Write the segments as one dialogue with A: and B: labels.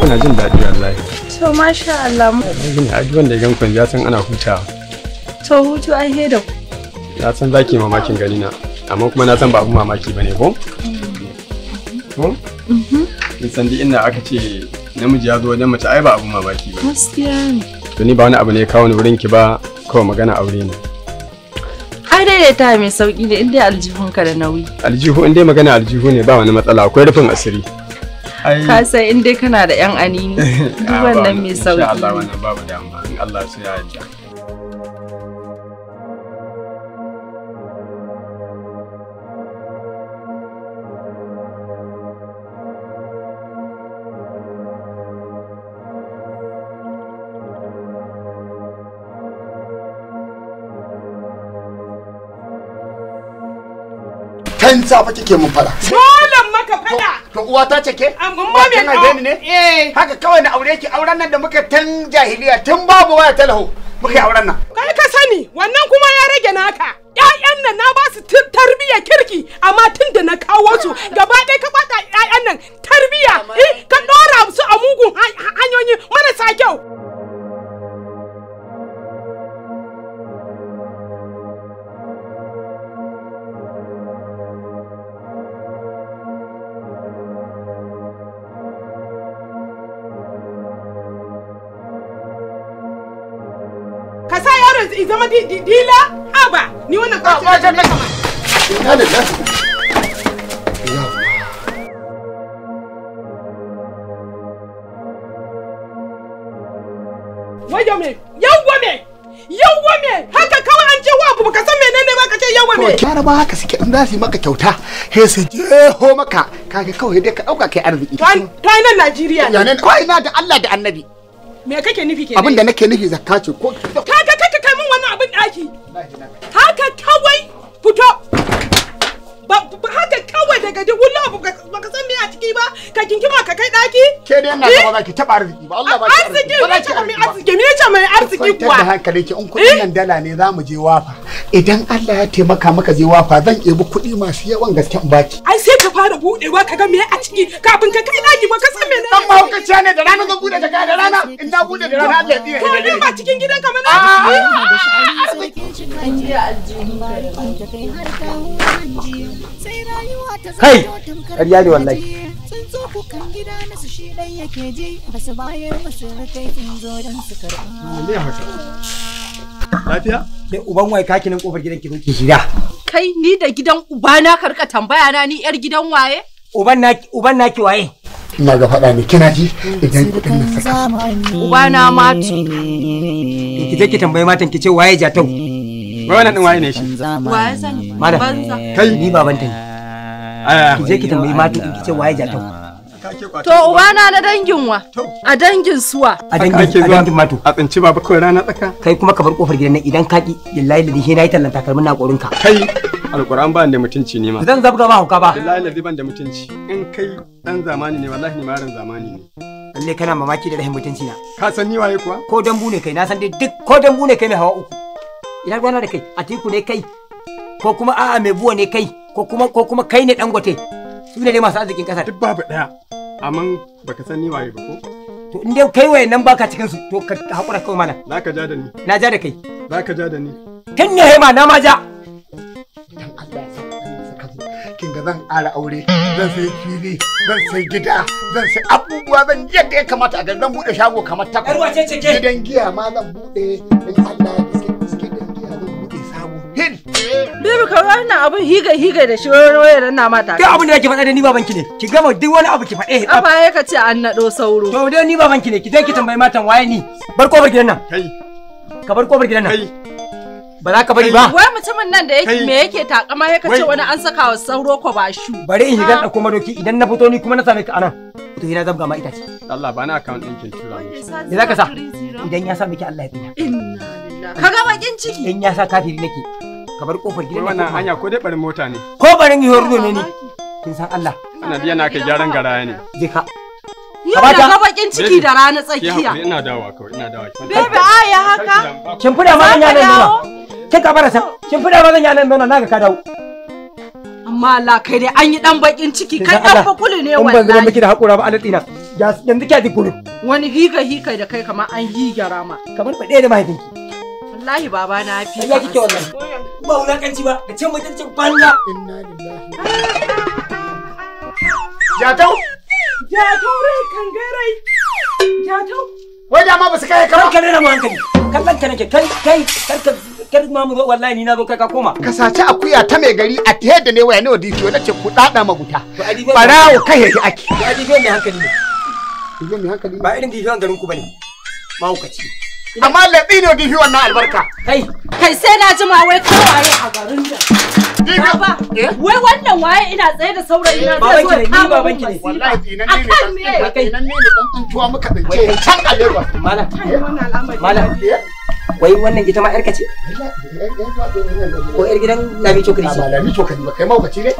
A: kuna jin daɗi wallahi
B: to masha Allah mu
A: ne a duwan da gan kun ya san ana hutawa
B: to hutu ai he da
A: Na san zaki mamakin gani na amma kuma na san ba abun mamaki bane ko ko mm-hmm. kin san duk inda aka ce namiji ya zo wajen mace ai ba abun mamaki
B: ba gaskiya ne
A: to ni ba wani abu ne kawo ni wurin ki ba kawai magana aure ne
B: ai daidaita mai sauki ne in aljihun aljihunka da nauyi
A: aljihu inda magana aljihu ne ba wani matsala akwai rufin asiri ka
B: san in dai kana da yan anini duk wannan mai sauki Allah wannan babu
A: in Allah ya kike mun fara to uwa ta ce ke amma me ka ne oh, eh. haka kawai na aure ki auren nan da muka tun jahiliya tun babu waya talaho muka yi auren nan kai ka sani wannan kuma ya rage naka ƴaƴan nan na ba su tarbiyya kirki amma
C: tun da na kawo su gaba ɗaya ka bata ƴaƴan nan tarbiyya eh, ka ɗora su a
A: mugun hanyoyi marasa kyau yaron ni wannan kawai kama Wajo me, yawwa me, yawwa me, haka kawai an ce wa abu baka san menene ba ka ce yawwa me. maka kyauta, he su jeho maka, Kage kawai dai ka dauka kai arziki. Ta nan Najeriya. Ya nan na da Allah da Annabi. me kake nufi ke? abin da nake nufi zakka ce ko Fito! Ba, ba, ne ka ji wallah ba ka san me a ciki ba ka kinkima ka kai daki ke dai ina eh? ba za ki taba arziki ba Allah ba ki arziki ba ki mai arziki me yace mai arziki kuwa da hankali ki in kudin eh? nan dala ne za mu je wafa idan Allah ya taimaka maka je wafa zan ebi kuɗi masu yawan gaske in baki ai sai ka fara budewa ka ga me a ciki kafin ka kai daki ba ka san me ne dan ce ne da rana zan bude jaka da rana in na bude da rana Allah ya tsira ka ba cikin gidan ka mana arziki ah! kan ji aljihu har ka
B: kai ƙarya ne wallahi sun
A: lafiya dai uban kaki nan kofar gidan ki
B: kai ni da gidan ubana karka tambaya
A: na ni yar gidan waye uban naki uban naki waye ina ga faɗa ne kina ji idan kuɗin na saka ubana ma ki je ki tambayi matan ki ce waye jatau wai wannan din waye ne shi waye sani malam kai ni eh. baban ta Ah. ki je ki tambayi matan ki ce waye jatau
B: to uwana na dangin wa a dangin suwa a dangin a dangin
A: mato a tsinci baba kawai rana tsaka kai kuma ka bar kofar gidan nan idan kaki ki billahi da dihe nayi tallan takalmin na korin ka kai alquran ba da mutunci ne ma zan zabga ba hauka ba billahi da ban da mutunci in kai dan zamani ne wallahi ni ma ran zamani ne lalle kana mamaki da rahin mutunci na ka san ni waye kuwa ko dambu ne kai na san dai duk ko dambu ne kai mai hawa uku ina gwana da kai atiku ne kai ko kuma a'a mai buwa ne kai ko kuma ko kuma kai ne dangote su ne dai masu arzikin kasar duk babu daya amma baka san ni waye ba ko to in kai waye nan baka cikin su to ka hakura kawai mana ka ja da ni na ja da kai za ka ja da ni tun ya hema na ma ja dan Allah ya kin ga zan ƙara aure zan sai fili zan sai gida zan sai abubuwa zan yadda ya kamata a zan bude shago kamar takwas gidan giya ma zan bude in Allah hin bibi ka
B: ina abin higa higa da shi wayar na mata kai abin da
A: yake faɗa da ni babanki ne ki gama duk wani abu ki faɗe a baya ka ce an nado sauro to dai ni babanki ne ki je ki tambayi matan waye ni bar kofar gidan nan kai ka bar kofar gidan nan ba za ka bari ba wai
B: mutumin nan da yake me yake takama ya ce wani an saka wa sauro ko ba shu bari in shiga dauko
A: ah. madoki idan na fito ni kuma na same ka anan to ina zabga ma itace Allah ba na account din ki tura ni me zaka sa idan ya sa miki Allah ya
B: tsina
A: kaga bakin ciki in ya sa kafiri nake kofar gidan wannan hanya ko dai barin mota ne ko barin yiwuwar ne kin san Allah ana biya na kai gyaran garaya ne je ka
B: bakin ciki da rana tsakiya ina
A: dawowa kawai ina dawowa bebe
B: aya haka
A: kin fida ma zan yanan nuna kin ka bara kin ma zan yanan nuna ka dawo
B: amma Allah kai dai an yi dan bakin ciki kai dan ne wallahi in ban zama miki
A: da hakura ba alatsina yanzu kya ji kuru
B: wani higa higa da kai kamar an higa rama kamar ba ɗaya
A: da mahaifinki wallahi baba na fi ya kike wannan ba wulakanci ba da can mutunci banza inna lillahi ya tau rai kangarai tau wai da ma ba su kai kamar ka rena mu hankali kallon ka nake kai kai karka kar ma mu wallahi ni na zo kai ka koma ka saci akuya ta mai gari a ta da ne waya ne wadi to nace ku dada guta barawo kai yake ake ba dibiyon mai hankali ne dibiyon mai hankali ba irin dibiyon garin ku bane ci. amma laɓi ne dihi wannan albarka. Kai,
B: kai sai na ji ma wai kawaye a garin da. Baba, eh? wai wannan waye
A: ina tsaye da saurayi na zai zo kama baban ki ne. Wallahi nan ne kan nan ne kan tuntuwa muka tsince can a Lagos. Malam. Malam. Wai wannan ita ma yarka ce? Ko yar gidan Lami Chokri ce? Ba Lami Chokri ba kai maukaci ne?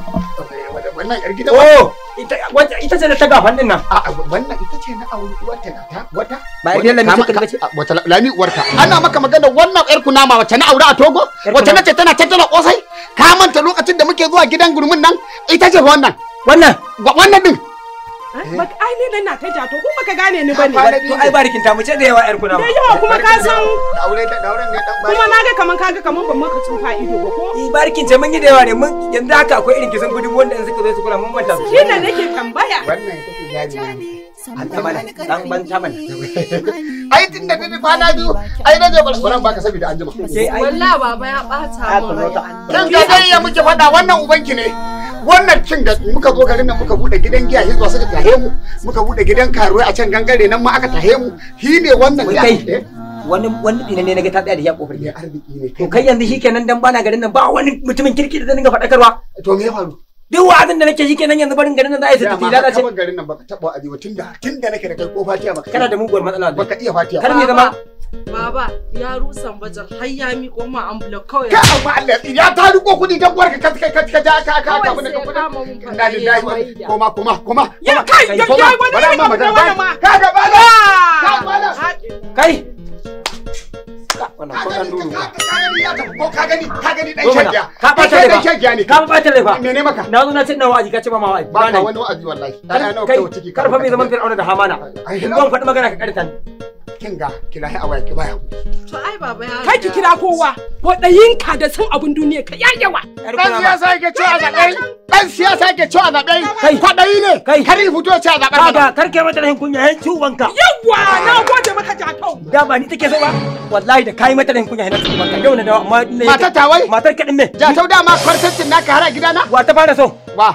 A: Wannan yar gidan. Oh, ita ce da ta gafan din nan. A'a wannan ita ce na aure wata ta wata ba ya lami ta kalbace wata lami uwarka ana maka magana wannan yar kunama wace na aure a togo wacce nace tana tattara kosai ka manta lokacin da muke zuwa gidan gurmin nan ita ce wannan wannan wannan din ah, ai ne dan na ta ja to kuma ka gane ni bane to ai barikin ta mace da yawa yar kunama da yawa kuma ka san aure da dauren ne dan kuma naga kaman kaga kaman ban maka tsufa ido ba ko eh barikin ce mun yi da yawa ne mun yanzu haka akwai irin kisan gudu wanda in suka zo su kula mun banta su shi ne nake tambaya wannan ita ce dan ban taman ai tun da dai kwana biyu ai na je ba ka saboda da anjima. wallahi baba
B: ya bata mu dan ga dai
A: ya muke fada wannan ubanki ne wannan cin da muka zo garin nan muka bude gidan giya hizba suka tahe mu muka bude gidan karuwa a can gangare nan ma aka tahe mu shi ne wannan kai wani wani dinan ne naga ta tsaya da ya kofar gida arziki ne to kai yanzu shikenan dan bana garin nan ba wani mutumin kirki da zan dinga faɗakarwa to me ya faru duk wa'azin da nake shi kenan yanzu barin garin nan za a yi sai tafi lalace ba garin nan baka taba aje tun da tun da nake da kai ko fatiya baka kana da muguwar matsala baka iya fatiya kar ne zama
B: baba ya rusan bajar har ya mi ko ma ambula kawai ka amma
A: Allah ya ta riko kudi ta gwar ka kai ka ka ka ka ka ka mun ka kudi ma ko ma ko ma ya kai ya ya wani ne ka ga bala ka bala kai wannan ko dan duru ko ka gani ka gani dan shagiya ka ba dan shagiya ne ka bata rai maka na zo na ce ka ce ba ma wa'azi ba ka wani wa'azi wallahi kana nawa kai karfa mai zaman fir'auna da hamana in ban faɗi magana ka karta ni kinga kila ki baya to ai baba ya kai ki kira kowa wadayinka da san abun duniya ka yayawa dan siyasa yake cewa zabai dan siyasa yake cewa ko kwadayi ne kar yi fito cewa zabai baba karke mata rahin kunya yan ciwanka yawa na gode maka jakau da ba ni take so ba wallahi da kai mata rahin kunya yan ciwanka yau na da amma ne mata tawai matar kadin ne jakau dama kwartancin naka har a gidana wa ta fara so wa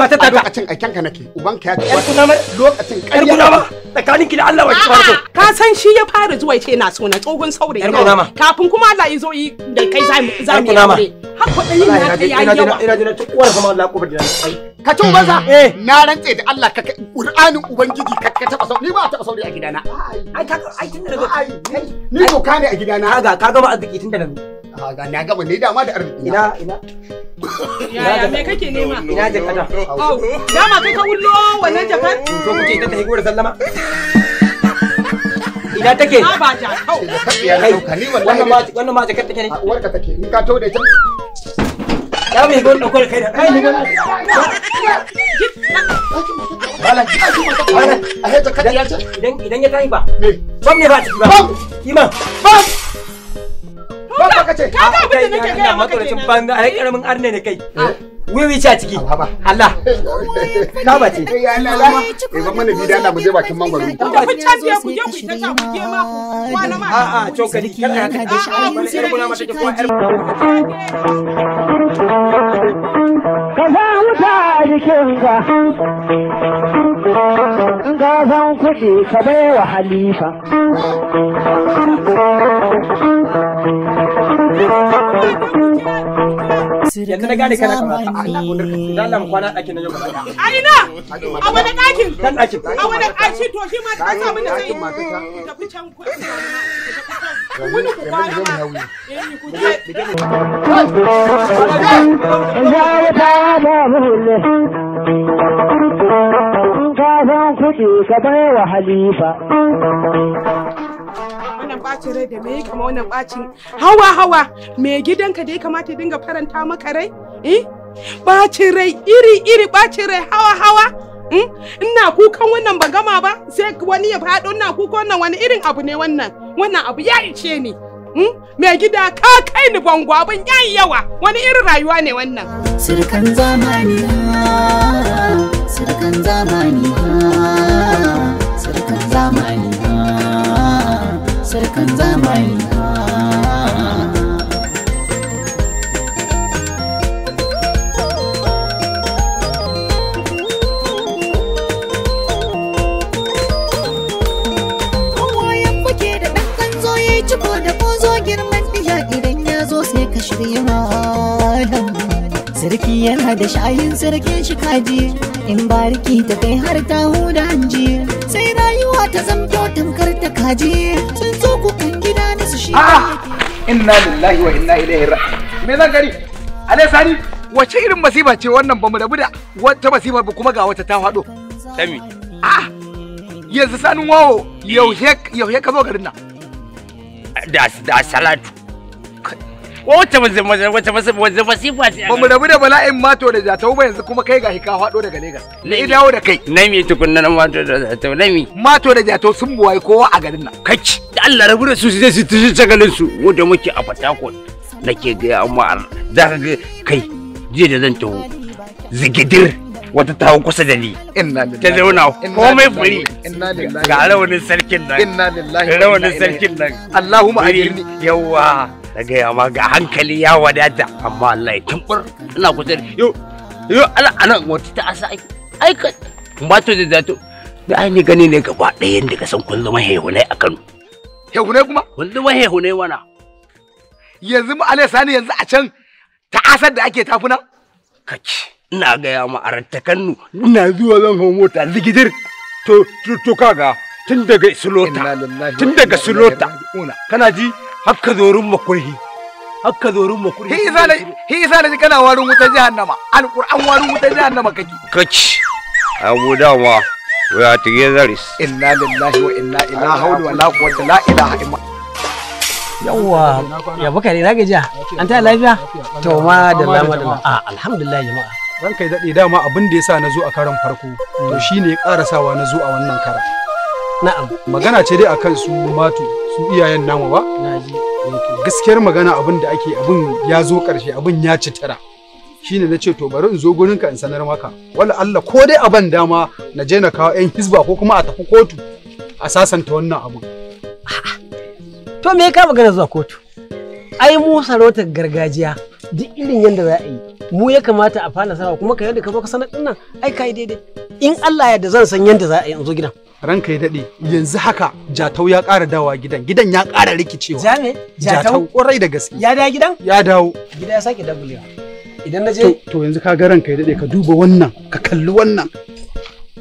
A: mata ta lokacin aikenka nake ubanka ya ce lokacin ƙarya tsakaninki da Allah wa ki fara so ka san shi ya fara zuwa ce na so tsohon saurayi kafin kuma Allah ya zo yi da kai za mu yi aure ka yawa ina jina uwar kuma Allah ka ci ubanza na rantse ka taba sauri ba taba a gidana ai ka ai tun da ni ka ne a gidana ka gama arziki tun da dama da arziki ina ina Yaya me Ina jakata. dama kai ka wullo wannan jakar? Ko kuke ta sallama? ina take ba ja kau ya dauka ni wallahi wannan ma jakar take ne warka take in ka taude ta ya mai gon dauko kai da kai ni gon malam malam a he jakar ya ce idan idan ya tafi ba bam ne ba ciki ba iman bam bam ka ce ka ga abin da nake ga maka ban ga ai karamin arne ne kai ah. wiwi ce a ciki Allah ta bace eh ba mana bidan da mu je bakin mangwaro ta bace ku je ku ta ta ku je ma a a cokali kan ya ka dashi ai mata ko ka za mu ta jikin ka ka san kuɗi ka bai wa halifa yanzu na gane kana kamar ka Allah ko kwana ɗakin na yau gaba a a wani ɗakin ɗakin a wani ɗakin to shi ma ka samu da sai tafi can ku wani ku ma ya
B: ka ka bai wa halifa
A: ɓacin rai da me ya kama wannan ɓacin hawa hawa me gidanka da ya kamata ya dinga faranta maka rai eh ɓacin rai iri iri ɓacin rai hawa hawa hm? ina kukan wannan ba gama ba sai wani ya faɗo ina kukan wannan wani irin abu ne wannan wannan abu ya ice ni hm? me gida ka kai ni bango abin yayi yawa wani irin rayuwa ne wannan
B: sirkan zamani sirkan zamani
C: da shayin sarkin
B: shi kaji in bariki ta kai har ta huda hanji sai rayuwa ta
A: zamto tamkar ta kaji sun zo kukan gida na su shi ah, inna lillahi wa inna ilaihi raji'un me zan gari Ale sani wace irin masiba ce wannan bamu rabu da wata masiba ba kuma ga wata ta faɗo sami ah yanzu sanin wawo yaushe ka zo garin nan da da salatu Wace wace wasifa ce? Ba mu rabu da bala'in mato da jatau ba yanzu kuma kai ga ka faɗo daga Legas. Na i dawo da kai. Na mi tukunna na mato da jatau na mi. Mato da jatau sun buwaye kowa a garin nan. Kaci. Da Allah rabu da su su je su tishi shagalin su wanda muke a Fatakon. Nake gaya amma za ka ga kai jiya da zan taho. Zigidir. wata ta kusa da ni Inna ta zauna komai furi ga rawanin sarkin nan Inna rawanin sarkin nan Allahumma ajirni yawa na gaya ma ga hankali ya wadata amma Allah ya kimbar ina kusa da yo yo ala ana wata ta asa ai ai ka ba to da zato da ai ni gani ne gaba ɗaya yanda ka san kullum zama hehunai a Kano hehunai kuma kullum zama hehunai wana yanzu mu alai sani yanzu a can ta asar da ake tafuna kaci ina gaya ma aratta Kano ina zuwa zan hau mota zigidir to to kaga tun daga silota tun daga silota kana ji Hakka zorin makurhi. Hakka zorin makurhi. Hi isa da kana warin wuta jahannama. Alƙur'an warin wuta jahannama kake. Kaci. Abu dama. ya are zaris. Inna lillahi wa inna ila hawli wa la quwwata la ilaha illa Yawwa, ya baka ne zaka ji An ta lafiya? To ma da lama da a alhamdulillah jama'a. Ranka kai dade dama abin da yasa na zo a karan farko to shine ya ƙara sawa na zo a wannan karan. Na'am. Magana ce dai akan su matu su iyayen namu ba? Gaskiyar magana abin da ake abin ya zo ƙarshe abin ya ci tara. shine na ce to bari in zo gurinka in sanar maka wala Allah ko dai a ban dama na je na kawo 'yan hisba ko kuma a tafi kotu a sasanta wannan abu. To me ka magana zuwa kotu? Ai mu sarautar gargajiya duk irin yadda za a yi mu ya kamata a fara sarwa kuma ka yadda ka zo ka sanar dinnan ai ka yi daidai in Allah ya da zan san yadda za a yi in zo gidan. ranka ya daɗe yanzu haka jatau ya ƙara dawa gidan gidan ya ƙara rikicewa jame jatau ƙwarai da gaske ya dawo gidan ya dawo gida ya sake dabulewa idan na je to yanzu ka ga ranka ya daɗe ka duba wannan ka kalli wannan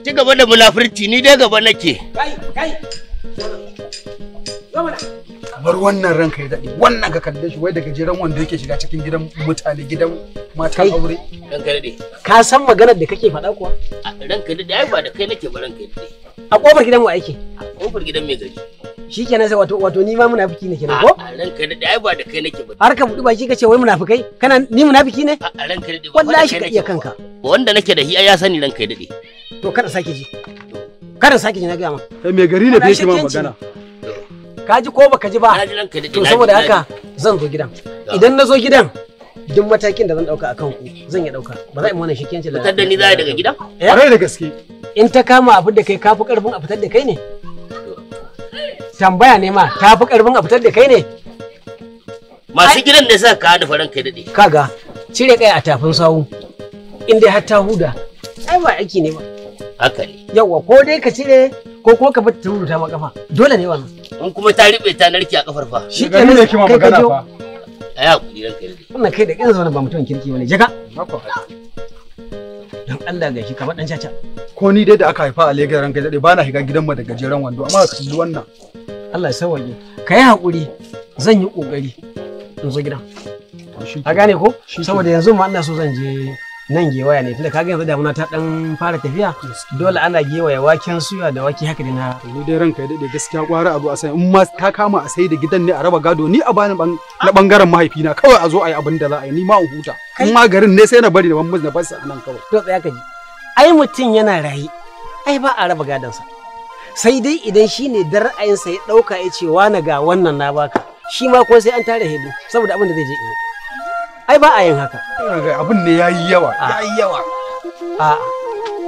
A: ci gaba da bulafurci ni dai gaba nake kai kai bar wannan ranka ya daɗe wannan ka kalle shi wai da gajeren wanda yake shiga cikin gidan mutane gidan matan aure ranka daɗe ka san maganar da kake faɗa kuwa ranka daɗe ai ba da kai nake ba ranka daɗe a kofar gidan wa aiki a kofar gidan mai gari Shi kenan sai wato wato ni ma munafiki ne kenan ko a ranka da ai ba da kai nake ba har ka budi baki kace wai munafikai kana ni munafiki ne a ranka da wallahi ka iya kanka wanda nake da shi ai ya sani ranka da dade to kada sake ji kada sake ji na ga ma kai mai gari ne fa shi ma magana Kaji ko baka ji ba to saboda haka zan zo gidan idan na zo gidan duk matakin da zan dauka a kanku zan iya dauka ba za mu wannan shikenci lalata. Fitar da ni za daga gida? Ƙwarai eh? da gaske. In ta kama abin da kai kafi karfin a fitar da kai ne? Tambaya ne ma ta fi karfin a fitar da kai ne? Masu gidan ne sa ka da faran kai daɗe. Kaga cire kai a tafin sawu Inda har ta huda ai ba aiki ne ba. Haka ne. Yawwa ko dai ka cire ko ko ka fita ta hudu ta ma kafa dole ne wannan. In kuma ta riɓe ta narke a kafar fa. Shi ne kai magana fa. ya hakuri ranka wannan kai da kin zaune ba mutum kirki bane jaka dan Allah gashi kamar dan caca ko ni dai da aka haifa a Lagos ranka dade ba na shiga gidan mu da gajeren wando amma ka kalli wannan Allah ya sauwaje ka yi hakuri zan yi kokari in zo gidan a gane ko saboda yanzu ma Allah so zan je nan gewaya ne tunda kaga yanzu damuna ta dan fara tafiya dole ana gewaya waken suya da wake haka na. ni dai ranka dai gaskiya kwara abu a sai in ma ta kama a sai da gidan ne a raba gado ni a bani na bangaren mahaifina kawai a zo a yi abin da za a yi ni ma in huta in ma garin ne sai na bari da ban na bar sa nan kawai to tsaya ka ji ai mutum yana rayi ai ba a raba sa sai dai idan shine ayin sa ya dauka ya ce wani ga wannan na baka shi ma ko sai an tare hebu saboda abin da zai je in ai ba a yin haka abin ne yayi yawa yayi yawa a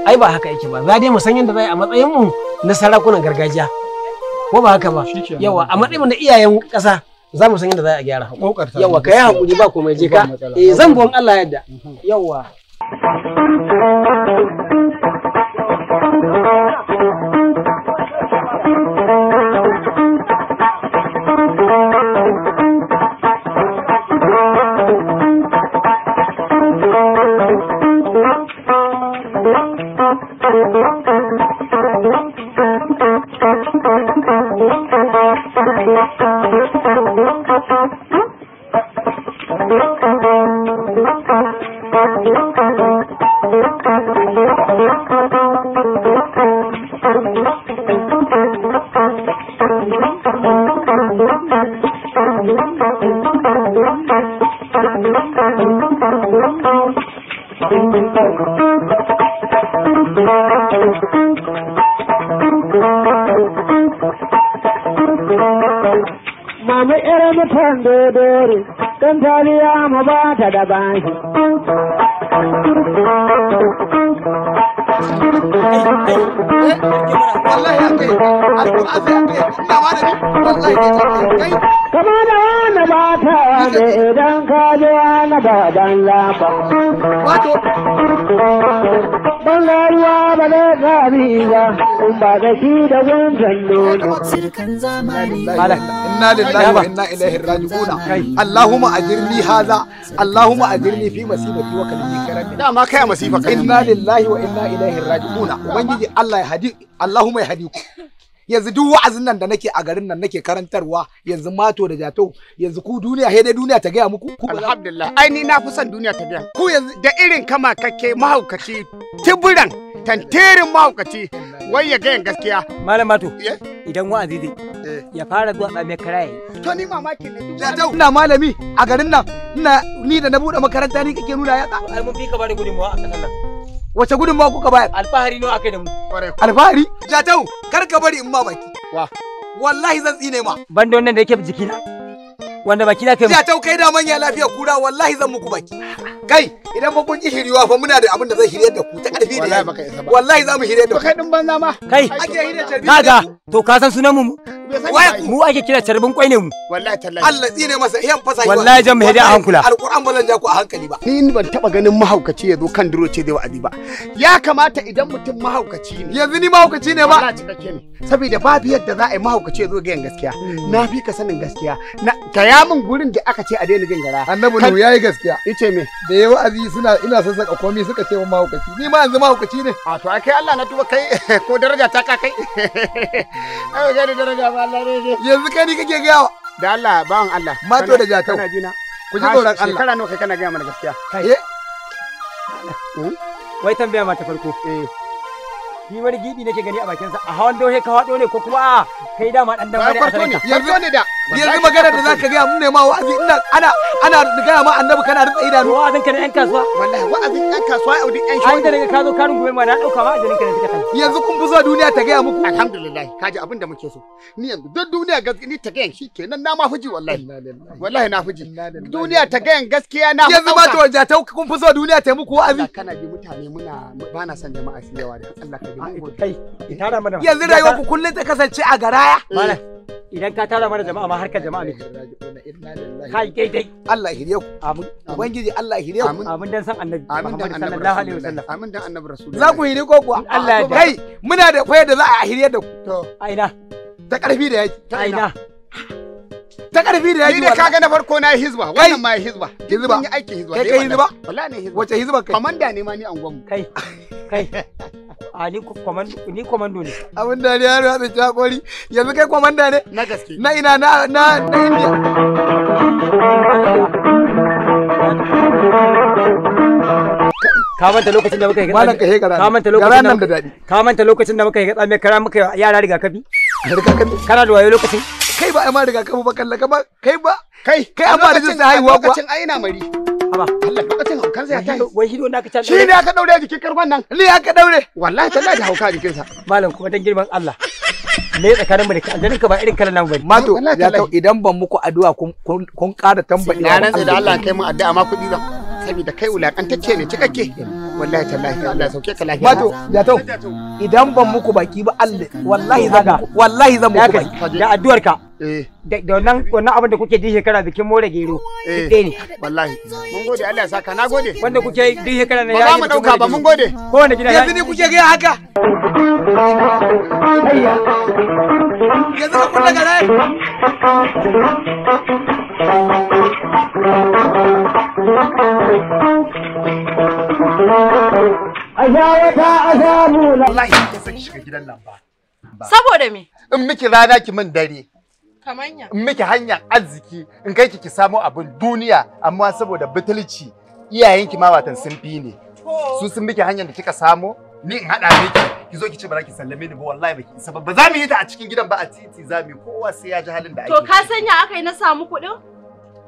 A: ai ba haka yake ba za dai mu san yadda za a matsayin mu na sarakunan gargajiya ko ba haka ba yawa a matsayin na iyayen ƙasa za mu san yadda za a gyara yawa ka yi hakuri ba komai je ka eh zan gon Allah yadda yawa Thank you.
B: Mama era matando dori
A: dan taliya mu ba ta da bashi. Kama da wani ba ta ne idan ka ji wani ba dan lafa. Ban ruwa ba da gari ba, ba da shi da gunjan nono. Sirkan zamani. inna lillahi wa inna ilaihi raji'un allahumma ajirni hadha allahumma ajirni fi masibati wa kalbi karami dama kai masifa inna lillahi wa inna ilaihi raji'un ubangiji allah ya hadi allahumma ya hadi yanzu duk wa'azin nan da nake a garin nan nake karantarwa yanzu mato da jato yanzu ku duniya he dai duniya ta gaya muku alhamdulillah ai ni na fi son duniya ta gaya ku yanzu da irin kama kake mahaukaci tiburan tantirin mahaukaci wai ya gayan gaskiya malam mato eh? idan wa'azi zai eh. ya fara zuwa tsamiyar karaye to ni mamaki ne jato ina malami a garin nan ina ni da na bude makaranta ni kake nuna ya ai mun fi ka bada gudunmawa a kasar nan wace gudunmawa kuka bayar alfahari n'o ake da mu alfahari jatau kar ka bari in ma baki wa wallahi zan tsine ma ban da wannan da yake jikina wanda baki na kai jatau kai da manya lafiya kura wallahi zan muku baki kai idan ba kun ki shiriwa fa muna da abin da zai shiryar da ku ta karfi da wallahi za mu shiryar da kai din banza ma kai ga to ka san sunan mu mu ake kira carbin kwai ne mu wallahi tallahi Allah tsine masa yan fasa wallahi jan mu a hankula alquran ba zan ja ku a hankali ba ni ban taba ganin mahaukaci ya zo kan duro ce da wa'azi ba ya kamata idan mutum mahaukaci ne yanzu ni mahaukaci ne ba saboda babu yadda za a yi mahaukaci ya zo ga gaskiya na fi ka sanin gaskiya na gaya min gurin da aka ce a daina jin gara annabi nu yayi gaskiya yace me da yayi wa'azi suna ina saka komai suka ce mahaukaci ni ma yanzu mahaukaci ne a to kai Allah na tuba kai ko daraja ta ka kai ai ga daraja ba yanzu kai ni kake gaya da Allah bawan Allah mato da jatau kana jina ku ji tsoron Allah shekara nawa kai kana gaya mana gaskiya eh hmm? wai tambaya ma ta farko eh ni wani gidi nake gani a bakin sa. a hawan dohe ka hado ne ko kuma a kai dama dan dan bari a farko ne yanzu ne da yanzu magana da zaka ga mun ne ma wa'azi ina ana ana gaya ma annabi kana rutsa idanu wa'azin ka ne yan kasuwa wallahi wa'azin yan kasuwa ya audin yan shi an da daga ka zo ka rungume ma na dauka ma ajalin ka ne take yanzu kun fi duniya ta gaya muku alhamdulillah kaji abin da muke so ni yanzu duk duniya gaskiya ni ta gayan shi kenan na ma fiji wallahi wallahi na fiji duniya ta gayan gaskiya na yanzu ba ta waja ta kun fi duniya ta muku wa'azi kana ji mutane muna ba na san jama'a su yawa da Allah ka ji mu kai yanzu rayuwa ku kullun ta kasance a garaya idan ka tara mana jama'a ma har ka jama'a ne kai daidai Allah hiriye ku amin ubangiji Allah hiriye ku amin dan san annabi amin dan annabi sallallahu alaihi wasallam amin dan annabi rasul za ku hiri ko kuwa Allah ya kai muna da koyar da za a hiriye da ku to a ina karfi da yaji. Aina. ina ta karfi da yaji wala kaga na farko na hizba wannan ma hizba hizba wala ne hizba wace hizba kai komanda ne ma ni angon kai kai a ni komando ni komando ne abin da da kai komanda ne na gaske na ina na na na ka lokacin da muka yi ka hegara lokacin da muka yi da gatsa kara da wayo lokacin kai ba a ma riga kafa ba kalla ba kai ba kai kai amma da jin haihuwa ba lokacin ai ina mari haba Allah lokacin haukan sai ta wai hido na ka ta shi ne aka daure jikin karfan nan ni aka daure wallahi tallahi da hauka jikin sa malam kuma dan girman Allah me tsakanin mu da aljanin ka ba irin kalan nan bane mato ya kau idan ban muku addu'a kun kun ƙara tambaye na nan da Allah kai mu addu'a ma kuɗi ba saboda kai wulakantacce ne cikakke wallahi tallahi Allah sauke ka lafiya mato ya tau idan ban muku baki ba Allah wallahi zan wallahi zan muku baki da addu'ar ka Eh. da wannan wannan abin da kuke duk shekara bikin more gero eh, duk ne wallahi mun gode Allah ya saka na gode wanda kuke duk shekara ne ya ba mu dauka ba mun gode ko wanda gida yanzu ni kuke ga haka yanzu ka kula ga rai Ajawata azabu wallahi ka san shiga gidan nan saboda me in miki rana ki min dare In miki hanyar arziki in kai ki ki samo abin duniya amma saboda butulci iyayenki ma watan sun fi ne. Su sun miki hanyar da kika samo ni in haɗa miki ki zo ki ce bara ki sallame ni ba wallahi ba ki isa ba ba za mu yi ta a cikin gidan ba a titi za mu yi kowa sai ya ji halin da ake. To ka
B: sanya aka yi na samu kuɗin?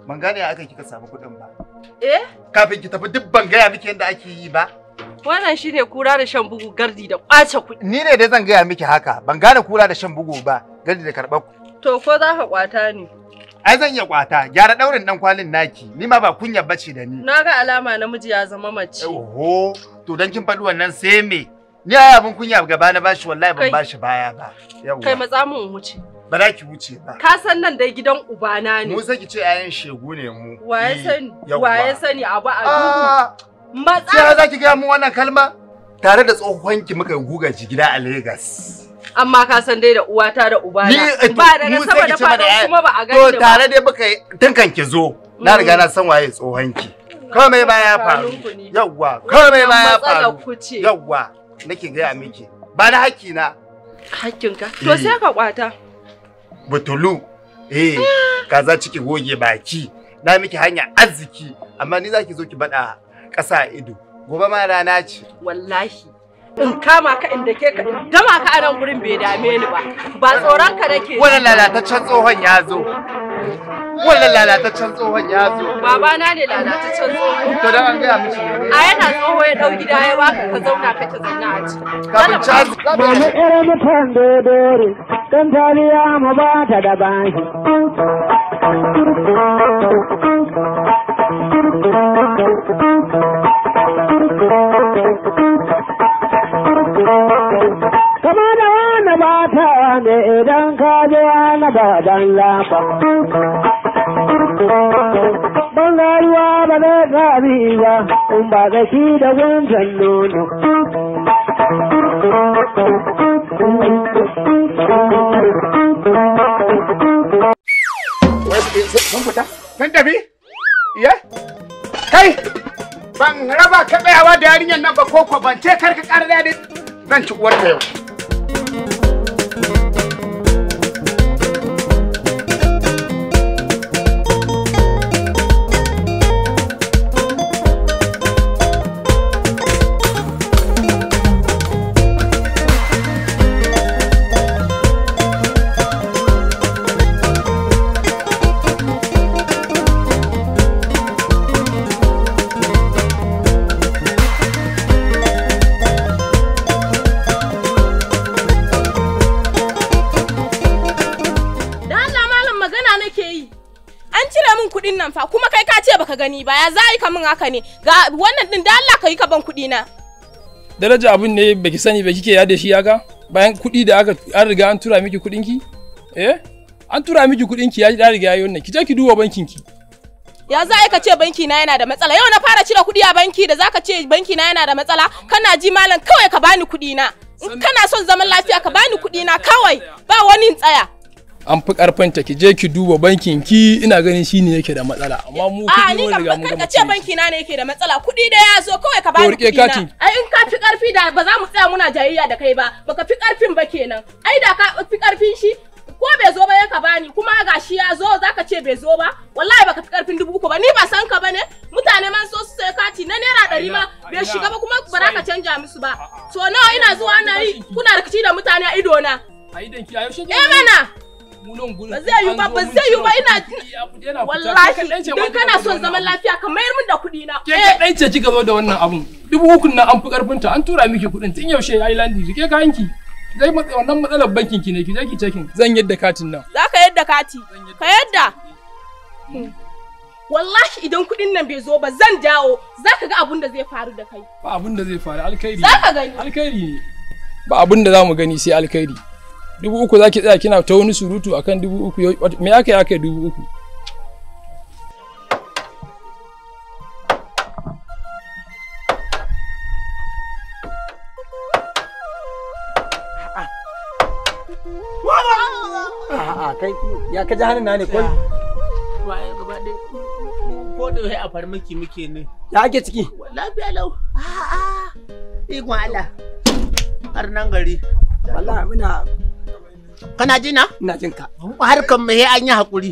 A: Ban gane ya aka kika samu kuɗin ba. Eh? Kafin ki tafi duk ban gaya miki yadda ake yi ba.
B: Wannan shine kura
A: da shan bugu gardi da ƙwace kuɗi. Ni ne dai zan gaya miki haka ban gane kura da shan bugu ba gardi da karɓar To ko za ka
B: kwata ne?
A: Ai zan iya kwata, gyara daurin dan kwalin naki, ni ma ba kunya bace da ni.
B: Na ga alama namiji ya zama mace.
A: Oho, to dan kin faɗi wannan sai me? Ni ai abin kunya gaba na bashi wallahi ban bashi baya ba. Yawwa. Kai
B: matsa mu wuce.
A: Ba za ki wuce ba.
B: Ka san nan dai gidan ubana ne. Mu sai ki ce ayan
A: shegu ne mu. Waye eh, sani? Waye
B: sani abu a ah! duhu. Matsa. Sai za ki ga mu wannan kalma?
A: Tare da tsohon ki muka guga ji gida a Lagos.
B: amma ka san dai da uwata da uba
A: eh, ba daga sama da fada eh, kuma ba a gani to tare dai baka tunkan ki zo na mm. riga na san waye tsohon ki
B: komai ba ya faru
A: yawwa komai ba ya faru yawwa nake gaya miki ba na haƙƙi na hakkinka to eh. sai ka kwata butulu eh ah. kaza ciki goge baki na miki hanya arziki amma ni zaki zo ki bada ƙasa ido gobe ma rana ce wallahi in kama ka in dake ka dama ka nan gurin bai dame ni ba ba tsoron ka
B: nake wannan lalataccen tsohon ya zo wannan lalataccen tsohon ya zo baba na ne lalataccen tsohon to dan an gaya mishi a yana tsoho ya dau gida ya baka ka zauna ka ta zanna a ci kafin cas ba mu kare mutan da dore kan taliya
A: mu ba ta da banki
B: ne idan ka
A: je annaba dan lafa. Ban ruwa ba zai gami ba, in ba zaki da gunjan nono. Sun tafi? Iya? Kai! Ban raba ka da yarinyar nan ba ko ko ban ce karka ƙarar da zan ci ta yau.
C: gani ba ya za ka min haka ne ga wannan din da Allah ka yi ka ban kuɗi na
A: daraja abin ne baki sani ba kike yada shi haka bayan kuɗi da aka an riga an tura miki kuɗin ki eh an tura miki kuɗin ki ya riga yayi wannan ki je ki duba bankin ki
C: ya za ka ce banki na yana da matsala yau na fara cire kuɗi a banki da zaka ce banki na yana da matsala kana ji malam kawai ka bani kuɗi na kana son zaman lafiya ka bani kuɗi na kawai ba wani tsaya
A: an fi karfin ta ki je ki duba bankin ki ina ganin shine yake da matsala amma mu kuɗi ne ga mu ga
C: ce banki na ne yake da matsala kuɗi da ya zo kawai ka bani kuɗi na ai in ka fi karfi da ba za mu tsaya muna jayayya da kai ba baka fi karfin ba kenan ai da ka fi karfin shi ko bai zo ba ya ka bani kuma gashi ya zo zaka ce bai zo ba wallahi baka fi karfin dubu ko ba ni ba san ka bane mutane man so su sai kati na naira ɗari ma bai shiga ba kuma ba za ka canja musu ba to nawa ina zuwa na yi kuna rikici da mutane a ido na a idan ki a yaushe eh, mana ba zai yi ba ba zai yi ba ina wallahi dan kana son zaman
A: lafiya ka mayar min da kuɗi na ke eh. ka dai ce gaba da wannan abun dubu hukun nan an fi karfin ta an tura miki kuɗin tun yaushe ai landi rike kayan ki zai wannan matsalar bankin ki ne ki je ki zan yadda katin nan
C: za ka yadda kati ka yadda hmm. wallahi idan kuɗin nan bai zo ba zan dawo za ka ga abun da zai faru da kai
A: ba abun da zai faru alkhairi za ka gani alkhairi ne ba abun da za mu gani sai alkhairi dubu uku za ki tsaya kina ta wani surutu a kan dubu uku me aka yi aka yi dubu uku ya ka ji hannun na ne kwai waye gaba ɗaya ko da wai a farmaki muke ne ya ake ciki lafiya lau a'a ikon Allah har nan gari wallahi muna Kana ji na? Ina jin ka. Harkan mu sai an yi hakuri.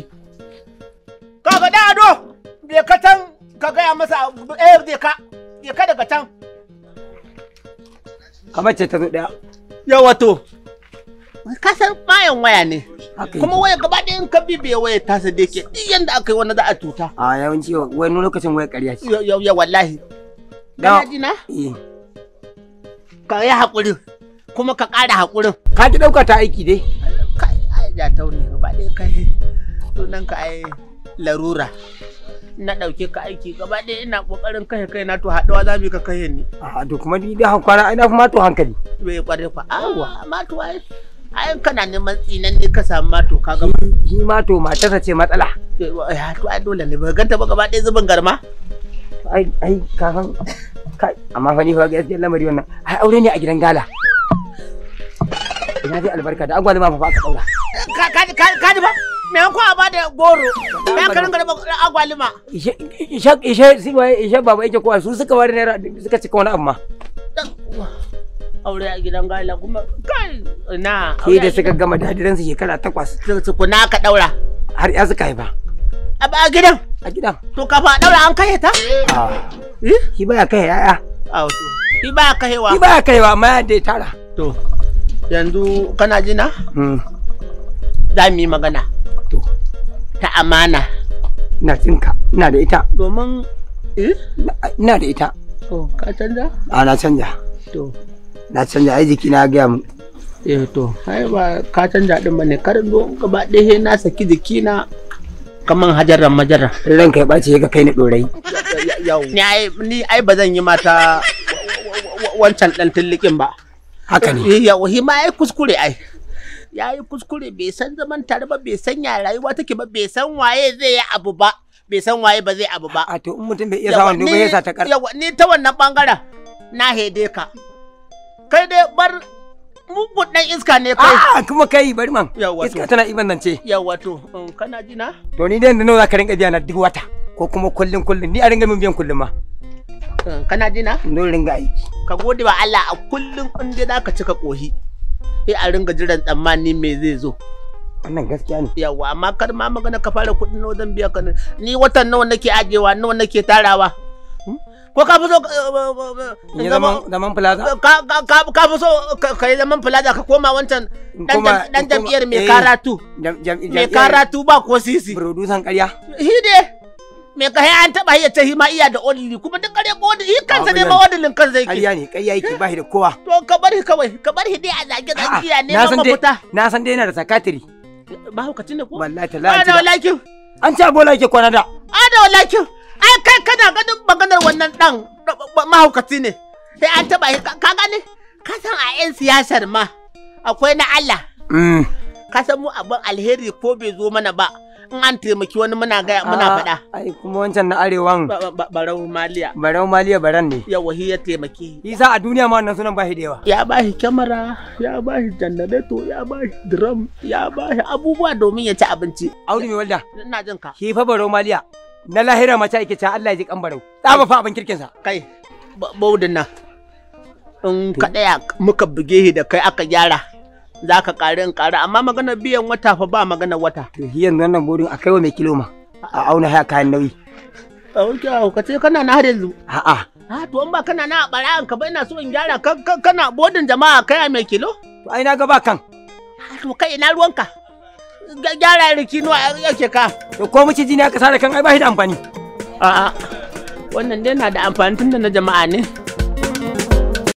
A: Ka ga ado bai ka tan ka gaya masa eh bai ka bai ka daga tan. Kamar ce ta zo daya. Ya wato. Ka san bayan waya ne. Kuma waya gaba ɗaya in ka bibiye waya ta sa da yake duk yanda aka yi wani za a tuta. A yawanci wani lokacin waya ƙarya ce. Ya wallahi. Kana ji na? Eh. Ka yi haƙurin kuma ka ƙara haƙurin. Ka ki ɗauka ta aiki dai. jatau ne gaba ɗaya kai sunan ka ai larura na ɗauke ka aiki gaba ɗaya ina ƙoƙarin kashe kai na to haɗuwa za mu ka kashe ni. A to kuma ni da hankwana ina ma to hankali. Bai eh, ƙware fa awa ma to ai ai kana neman tsinan ne ka samu mato ka ga shi mato matarsa ce matsala eh, eh, to ai dole ne ba ganta ba gaba ɗaya zubin garma ai ai ka san kai amma fa ni fa gaskiya lamari wannan ai aure ne a gidan gala na ji albarka da ma ba aka daura ka ji ba me ko a ba da goro me ka ringa da ma ishe ishe ishe baba yake kowa su suka bari naira suka cika wani abu ma aure a gidan gala kuma kai na ke da suka gama dadiran su shekara takwas na ka daura har ya suka yi ba a gidan a gidan to kafa daura an kai ta ah. eh? shi baya kai ya'ya a wato shi baya kaiwa shi baya kaiwa amma ya tara to yanzu kana jina hmm. za mu yi magana ta amana na cinka na da ita domin eh? ina da ita to ka canja a na canja to na canja ai jiki na gaya mu eh to ai ba ka canja din bane kar zo gaba ɗaya na saki jiki na kaman hajaran majara ranka kai ɓace ga kai ni ɗorai ni ai ba zan yi mata wancan ɗan tullikin ba haka ne eh, yawa shi ma ya kuskure ai ya yi kuskure bai san zaman tare ba bai san ya rayuwa take ba bai san waye zai yi abu ba bai san waye ba zai abu ba a to in mutum bai iya sa wando ba ya sa ta kar yawa ni ta wannan bangaren na hede ka kai dai bar mugun dan iska ne kai a ah, kuma kai bari man iska tana iban nan ce yawa to um, kana ji na to ni dai nawa za ka rinka biya na duk wata ko kuma kullun kullun ni a ringa min biyan kullun ma um, kana ji na ringa aiki ka gode wa Allah a kullum in dai zaka cika kohi sai a ringa jiran tsammani me zai zo wannan gaskiya ne yawa amma kar ma magana ka fara kuɗin nawa zan biya ka ni watan nawa nake ajewa nawa nake tarawa hmm? ko ka fi so eh, eh, eh, ya zaman plaza ka fi so ka yi zaman plaza ka koma wancan dan jam'iyyar mai karatu mai karatu ba ko sisi producer karya hide me ka an taba iya ta hima iya da odili kuma duk kare ko odili kansa ne ma odilin kansa yake ayya ne kai yake ba shi da kowa to ka bar shi kawai ka bar shi dai a zage zage ya ne ma mafuta na san dai yana da sakatiri ba ka ne ko wallahi talahi ana wallahi an ci abola yake kwana da ana wallahi ai kai kana ganin maganar wannan dan mahaukaci ne sai an taba ka gane ka san a yan siyasar ma akwai na Allah mm. ka san mu abin alheri ko bai zo mana ba in an taimaki wani muna gaya muna ah, faɗa. Ai kuma wancan na arewan. Barau Maliya. Barau Maliya baran ne. Ya wahi ya taimaki. Isa a duniya ma wannan sunan bashi da yawa. Ya bashi kyamara, ya bashi janareto, ya bashi drum, ya bashi abubuwa domin ya ci abinci. Audu mai walda. Ina jin ka. Ki fa Barau Maliya. Na lahira mace ake cewa Allah ya ji kan barau. Tsaba fa abin kirkinsa. Kai. Baudin nan. In kaɗaya muka buge shi da kai aka gyara. za ka ƙari in amma maganar biyan wata fa ba maganar wata. To shi yanzu nan burin a wa mai kilo ma a auna haya kayan nauyi. A wuce a ka ce kana na har yanzu. A'a. A to an ba kana na a an ka ba ina so in gyara kana bodin jama'a kai a mai kilo. To ai na ga ba kan. To kai ina ruwanka. Gyara riki nawa yake ka. To ko mu ci jini aka sare kan ai ba shi da amfani. A'a wannan dai na da amfani tun da na jama'a ne.